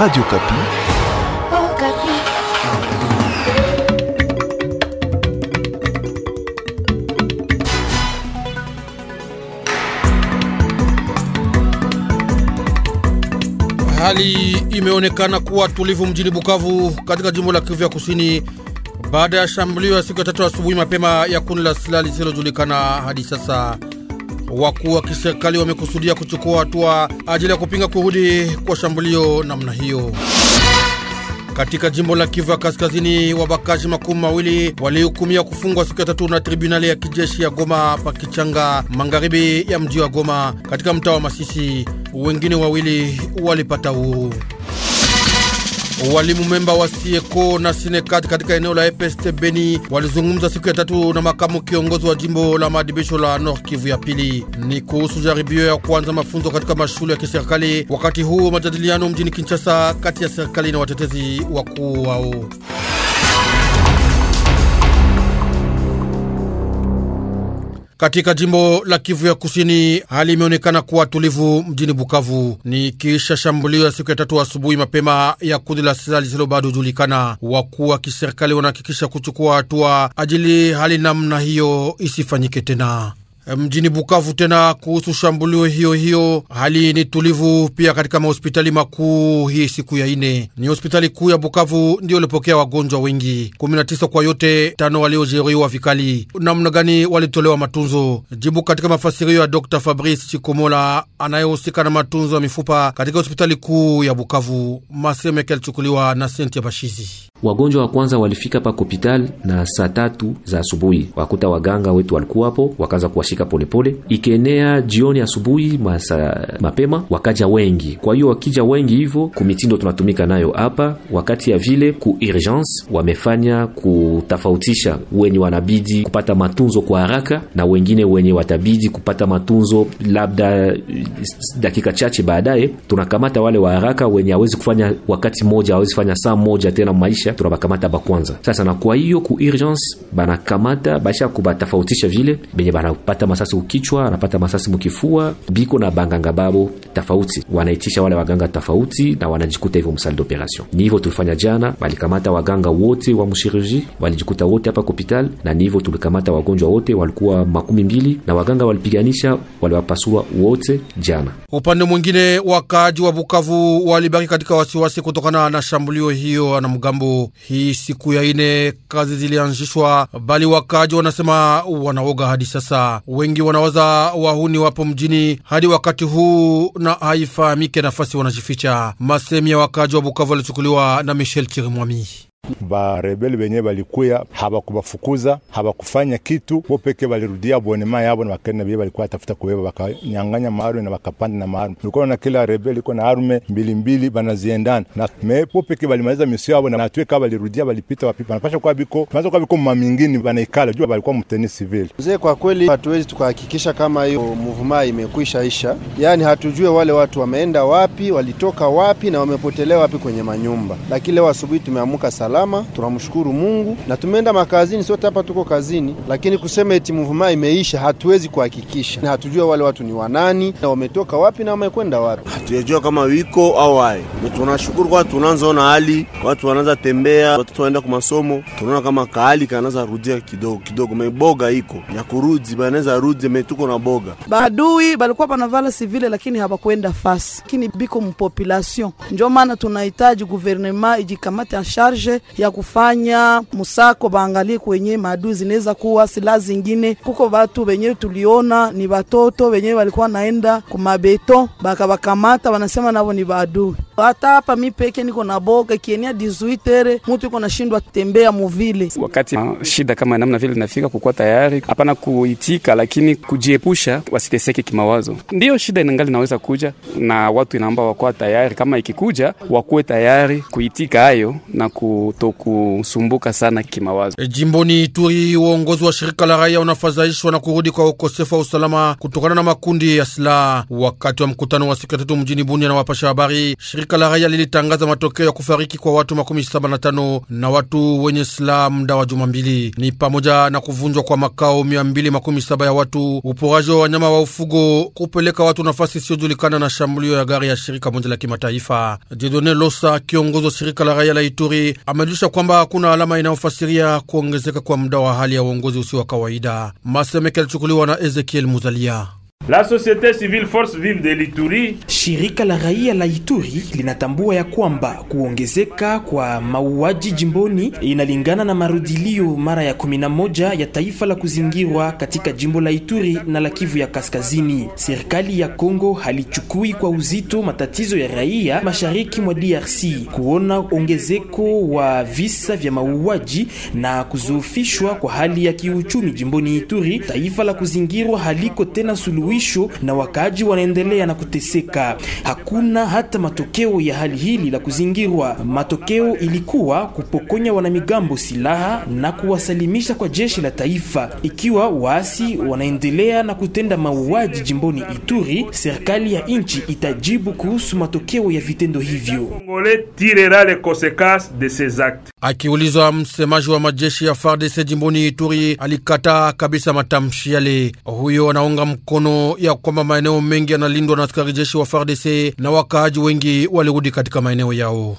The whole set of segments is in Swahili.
Radio Kapi. Oh, Kapi. Hali imeonekana kuwa tulivu mjini Bukavu katika jimbo la Kivu ya Kusini baada ya shambulio ya siku ya tatu asubuhi mapema ya kundi la silaha lisilojulikana hadi sasa wakuu wa kiserikali wamekusudia kuchukua hatua ajili ya kupinga kurudi kwa shambulio namna hiyo. Katika jimbo la Kivu ya Kaskazini, wabakaji makumi mawili walihukumiwa kufungwa siku ya tatu na tribunali ya kijeshi ya Goma Pakichanga, magharibi ya mji wa Goma, katika mtaa wa Masisi. Wengine wawili walipata uhuru. Walimu memba wa Sieko na Sinekat katika eneo la EPST Beni walizungumza siku ya tatu na makamu kiongozi wa jimbo la maadibisho la Nord Kivu ya pili. Ni kuhusu jaribio ya kuanza mafunzo katika mashule ya kiserikali, wakati huu majadiliano mjini Kinshasa kati ya serikali na watetezi wakuu wao. Katika jimbo la Kivu ya Kusini, hali imeonekana kuwa tulivu mjini Bukavu ni kisha shambulio ya siku ya tatu asubuhi mapema ya kundi la silaha lisilo bado hujulikana. Wakuu wa kiserikali wanahakikisha kuchukua hatua ajili hali namna hiyo isifanyike tena mjini Bukavu. Tena kuhusu shambulio hiyo hiyo, hali ni tulivu pia katika mahospitali makuu hii siku ya ine. Ni hospitali kuu ya Bukavu ndiyo ilipokea wagonjwa wengi 19 kwa yote, tano waliojeruhiwa vikali. Namna gani walitolewa matunzo? Jibu katika mafasirio ya Dr Fabrice Chikomola anayehusika na matunzo ya mifupa katika hospitali kuu ya Bukavu. Masemeke alichukuliwa na Sentia ya Bashizi. Wagonjwa wa kwanza walifika pa hospitali na saa tatu za asubuhi, wakuta waganga wetu walikuwa hapo, wakaanza kuwashika polepole, ikienea jioni, asubuhi, masa mapema wakaja wengi. Kwa hiyo wakija wengi hivyo, kumitindo tunatumika nayo hapa, wakati ya vile ku urgence wamefanya kutafautisha wenye wanabidi kupata matunzo kwa haraka na wengine wenye watabidi kupata matunzo labda dakika chache baadaye. Tunakamata wale wa haraka wenye hawezi kufanya wakati mmoja, hawezi fanya saa moja tena maisha kisha tunabakamata bakwanza sasa, na kwa hiyo ku urgence banakamata basha kubatafautisha vile benye banapata masasi ukichwa, anapata masasi mukifua, biko na banganga babo tofauti, wanaitisha wale waganga tofauti na wanajikuta hivyo msali d'operation. Ni hivyo tulifanya jana, balikamata waganga wote wa mshirurji, walijikuta wote hapa hospital, na ni hivyo tulikamata wagonjwa wote walikuwa makumi mbili na waganga walipiganisha, waliwapasua wote jana. Upande mwingine, wakaaji wa Bukavu walibaki katika wasiwasi kutokana na shambulio hiyo na mgambo hii siku ya ine kazi zilianzishwa, bali wakaji wanasema wanaoga hadi sasa. Wengi wanawaza wahuni wapo mjini hadi wakati huu na haifahamike nafasi wanajificha. Masemi ya wakaji wa Bukavu alichukuliwa na Michel Chirimwami barebeli venye valikuya hawakuvafukuza hawakufanya kitu, vo peke valirudia bonema yavo na vakenda valikuwa tafuta kuweva, vakanyang'anya maarume na vakapanda na maarume. Ulikuwa na kila rebeli iko na arume mbilimbili vanaziendana na mepo peke valimaliza misio yavo, na atue kaa valirudia valipita wapi vanapasha kuwa viko vanaweza kuwa viko mamingini vanaikala jua valikuwa mteni sivili mzee. Kwa kweli hatuwezi tukahakikisha kama hiyo muvuma imekwisha isha, yaani hatujue wale watu wameenda wapi, walitoka wapi na wamepotelewa wapi kwenye manyumba, lakini leo asubuhi tumeamuka salama salama, tunamshukuru Mungu na tumeenda makazini. Sote hapa tuko kazini, lakini kusema eti mvuma imeisha hatuwezi kuhakikisha, na hatujua wale watu ni wanani na wametoka wapi na wamekwenda wapi, hatujua kama wiko au hai. Tunashukuru kwa tunaanzaona hali watu wanaanza tembea, watoto waenda kwa masomo, tunaona kama kahali kanaanza rudia kidogo kidogo, meboga iko ya kurudi, banaweza rudi metuko na boga. Badui balikuwa banavala sivile, lakini habakwenda fasi, lakini biko mpopulation. Ndio maana tunahitaji guvernema ijikamate en charge ya kufanya musako, baangalie kwenye maadui zinaweza kuwa silaha zingine. Kuko watu benye tuliona ni watoto benye walikuwa naenda kumabeto, bakamata, wanasema nabo ni baadui. Hata hapa mi peke niko na boga kienia dizuitere, mtu iko nashindwa kutembea muvile, wakati shida kama namna vile inafika, kukuwa tayari hapana kuitika, lakini kujiepusha, wasiteseke kimawazo. Ndiyo shida inangali naweza kuja na watu inaomba wakuwa tayari, kama ikikuja wakuwe tayari kuitika hayo na ku kutokusumbuka sana kimawazo. E, Jimboni Ituri, uongozi wa shirika la raia unafadhaishwa na kurudi kwa ukosefu wa usalama kutokana na makundi ya silaha. Wakati wa mkutano wa siku ya tatu mjini Bunia na wapasha habari, shirika la raia lilitangaza matokeo ya kufariki kwa watu makumi saba na tano na watu wenye silaha muda wa juma mbili, ni pamoja na kuvunjwa kwa makao mia mbili makumi saba ya watu, uporaji wa wanyama wa ufugo, kupeleka watu nafasi isiyojulikana na shambulio ya gari ya shirika moja la kimataifa. Jedone Losa, kiongozi wa shirika la raia la Ituri, ame amejulisha kwamba hakuna alama inayofasiria kuongezeka kwa muda wa hali ya uongozi usio wa kawaida. Masemeke alichukuliwa na Ezekiel Muzalia. La société civile Force Vive de Lituri, shirika la raia la Ituri linatambua ya kwamba kuongezeka kwa mauaji jimboni inalingana na marudilio mara ya 11 ya taifa la kuzingirwa katika jimbo la Ituri na la Kivu ya Kaskazini. Serikali ya Kongo halichukui kwa uzito matatizo ya raia mashariki mwa DRC, kuona ongezeko wa visa vya mauaji na kuzoofishwa kwa hali ya kiuchumi jimboni Ituri. Taifa la kuzingirwa haliko tena suluhu mwisho, na wakaaji wanaendelea na kuteseka. Hakuna hata matokeo ya hali hili la kuzingirwa. Matokeo ilikuwa kupokonya wanamigambo silaha na kuwasalimisha kwa jeshi la taifa. Ikiwa waasi wanaendelea na kutenda mauaji jimboni Ituri, serikali ya nchi itajibu kuhusu matokeo ya vitendo hivyo. Akiulizwa, msemaji wa majeshi ya FARDC jimboni Ituri alikataa kabisa matamshi yale. Huyo anaunga mkono ya kwamba maeneo mengi yanalindwa na askari jeshi wa FARDC na wakaaji wengi walirudi katika maeneo yao.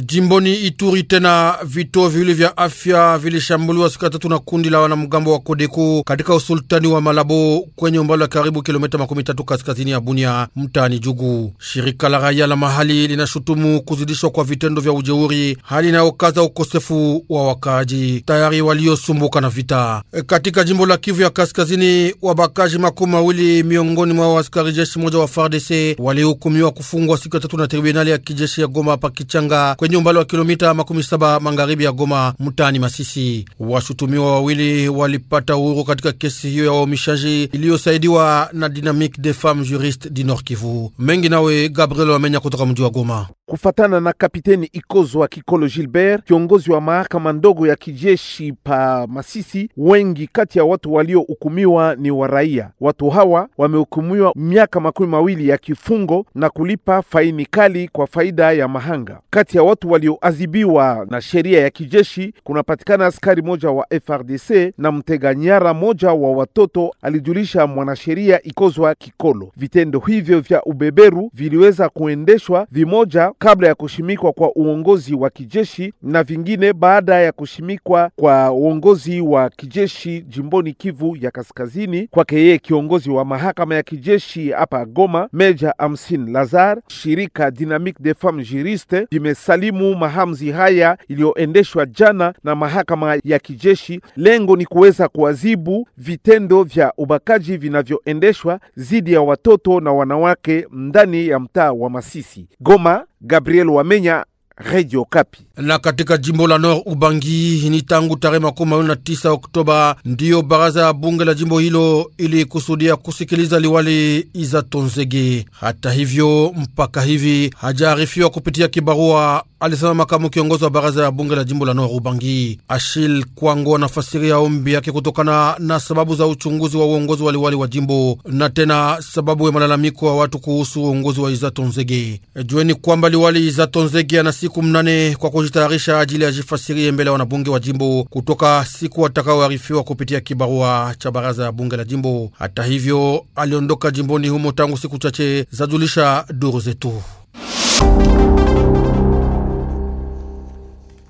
Jimboni Ituri tena vituo viwili vya afya vilishambuliwa siku ya tatu na kundi la wanamgambo wa Kodeko katika usultani wa Malabo kwenye umbali wa karibu kilomita makumi tatu kaskazini ya Bunia mtaani Jugu. Shirika la raia la mahali linashutumu kuzidishwa kwa vitendo vya ujeuri, hali inayokaza ukosefu wa wakaaji tayari waliosumbuka na vita. E, katika jimbo la Kivu ya kaskazini, wabakaji makumi mawili miongoni mwa askari jeshi moja wa FARDC walihukumiwa kufungwa siku ya tatu na tribunali ya kijeshi ya Goma hapa Kichanga kwenye umbali wa kilomita saba magharibi ya Goma, mtaani Masisi. Washutumiwa wawili walipata uhuru katika kesi hiyo ya waumishaji iliyosaidiwa na Dynamique des Femmes Juristes du Nord Kivu. Mengi nawe Gabriel Wamenya kutoka mji wa Goma. Kufatana na kapiteni Ikozwa Kikolo Gilbert, kiongozi wa mahakama ndogo ya kijeshi pa Masisi, wengi kati ya watu waliohukumiwa ni waraia. Watu hawa wamehukumiwa miaka makumi mawili ya kifungo na kulipa faini kali kwa faida ya mahanga. Kati ya watu walioadhibiwa na sheria ya kijeshi kunapatikana askari moja wa FRDC na mtega nyara moja wa watoto, alijulisha mwanasheria Ikozwa Kikolo. Vitendo hivyo vya ubeberu viliweza kuendeshwa vimoja kabla ya kushimikwa kwa uongozi wa kijeshi na vingine baada ya kushimikwa kwa uongozi wa kijeshi jimboni Kivu ya Kaskazini. Kwake yeye kiongozi wa mahakama ya kijeshi hapa Goma, Meja Amsin Lazar, shirika Dynamique des Femmes Juristes kusalimu mahamzi haya iliyoendeshwa jana na mahakama ya kijeshi. Lengo ni kuweza kuadhibu vitendo vya ubakaji vinavyoendeshwa dhidi ya watoto na wanawake ndani ya mtaa wa Masisi. Goma, Gabriel Wamenya, Radio Kapi. Na katika jimbo la Nord Ubangi ni tangu tarehe makumi mawili na tisa Oktoba ndiyo baraza ya bunge la jimbo hilo ilikusudia kusikiliza liwali Izato Nzege. Hata hivyo, mpaka hivi hajaarifiwa kupitia kibarua, alisema makamu kiongozi wa baraza ya bunge la jimbo la Nord Ubangi Ashil Kwango. ya ombi yake kutokana na sababu za uchunguzi wa uongozi wa liwali wa jimbo na tena sababu ya malalamiko wa watu kuhusu uongozi wa Izato Nzege. Jueni kwamba liwali Izato Nzege anasi siku mnane kwa kujitayarisha ajili ya jifasirie mbele ya wanabunge wa jimbo kutoka siku watakaoarifiwa kupitia kibarua cha baraza ya bunge la jimbo. Hata hivyo, aliondoka jimboni humo tangu siku chache, zajulisha duru zetu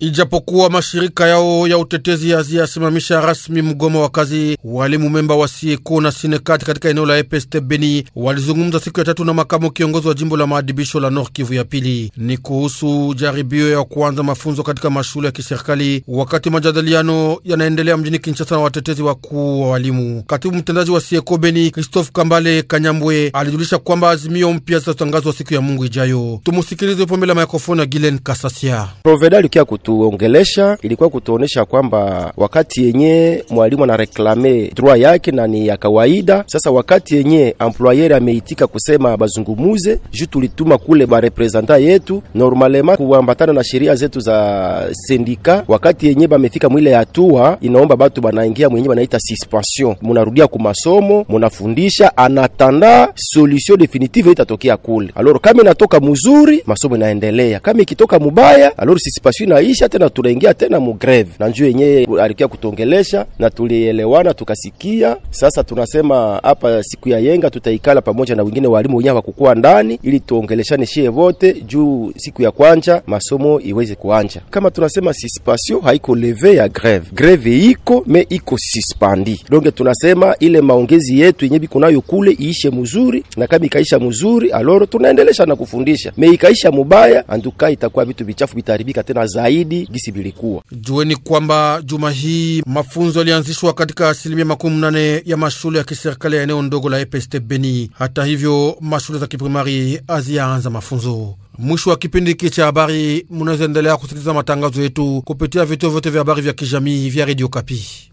ijapokuwa mashirika yao ya utetezi haziyasimamisha rasmi mgomo wa kazi. Walimu memba wa sieko na sinekati katika eneo la EPST Beni walizungumza siku ya tatu na makamu kiongozi wa jimbo la maadibisho la Nord Kivu ya pili, ni kuhusu jaribio ya kuanza mafunzo katika mashule ya kiserikali, wakati majadiliano yanaendelea mjini Kinshasa na watetezi wakuu wa walimu. Katibu mtendaji wa sieko Beni Christophe Kambale Kanyambwe alijulisha kwamba azimio mpya zitatangazwa siku ya Mungu ijayo. Tumusikilize pombe la mikrofoni ya Gilen Kasasia kutuongelesha ilikuwa kutuonesha kwamba wakati yenye mwalimu anareklame droit yake na ni ya kawaida. Sasa wakati yenye employer ameitika kusema bazungumuze, ju tulituma kule representant yetu normalema kuambatana na sheria zetu za sindika, Wakati yenye bamefika mwile hatua, inaomba batu banaingia mwenye banaita suspension, munarudia ku masomo, munafundisha anatanda solution definitive itatokea kule. Alors kama inatoka mzuri, masomo inaendelea, kama ikitoka mubaya, alors suspension inaisha tuliisha tena, tunaingia tena mu greve, na njoo yenyewe alikia kutongelesha na tulielewana tukasikia. Sasa tunasema hapa siku ya yenga tutaikala pamoja na wengine walimu wenyewe wakukua ndani, ili tuongeleshane shie vote juu siku ya kwanja masomo iweze kuanja. Kama tunasema sispasio haiko leve ya greve, greve iko me iko suspandi donge, tunasema ile maongezi yetu yenyewe bikunayo kule iishe mzuri, na kama ikaisha mzuri aloro tunaendelesha na kufundisha, me ikaisha mubaya anduka itakuwa vitu vichafu vitaribika tena zaidi zaidi gisi vilikuwa. Jueni kwamba juma hii mafunzo yalianzishwa katika asilimia makumi nane ya mashule ya kiserikali ya eneo ndogo la EPST Beni. Hata hivyo, mashule za kiprimari haziyaanza mafunzo. Mwisho wa kipindi hiki cha habari, munaweza endelea kusikiliza matangazo yetu kupitia vituo vyote vya habari vya kijamii vya redio Kapi.